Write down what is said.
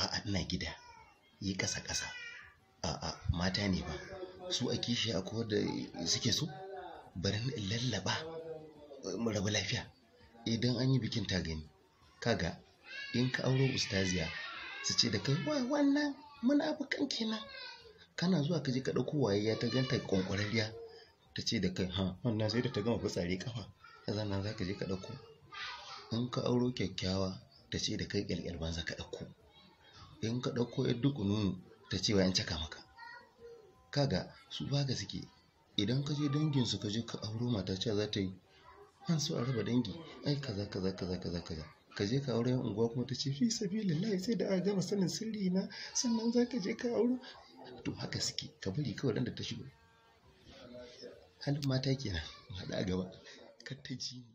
a'a ina gida yi ƙasa ƙasa a'a mata ne ba su a kishi a ko da suke so bari lallaba mu rabu lafiya idan an yi bikin ta gani kaga in ka auro ustaziya su ce da kai wai wannan munafukan kenan kana zuwa ka je ka ɗauko ya ta ganta kwankwararriya ta ce da kai ha wannan sai da ta gama fitsari kafa kaza nan za ka je ka ɗauko in ka auro kyakkyawa ta ce da kai ƙyalƙyal banza ka ɗauko in ka ɗauko ya duk nunu ta ce wa caka maka kaga su ba ga suke idan ka je dangin ka je ka auro mata cewa za ta yi an so a raba dangi ai kaza kaza kaza kaza kaza ka je ka auro yan unguwa kuma ta ce fi sabilillahi sai da a gama sanin sirri na sannan za ka je ka auro to haka suke ka bari kawai da ta shigo halin mata kenan ɗaga ba, kar ta ji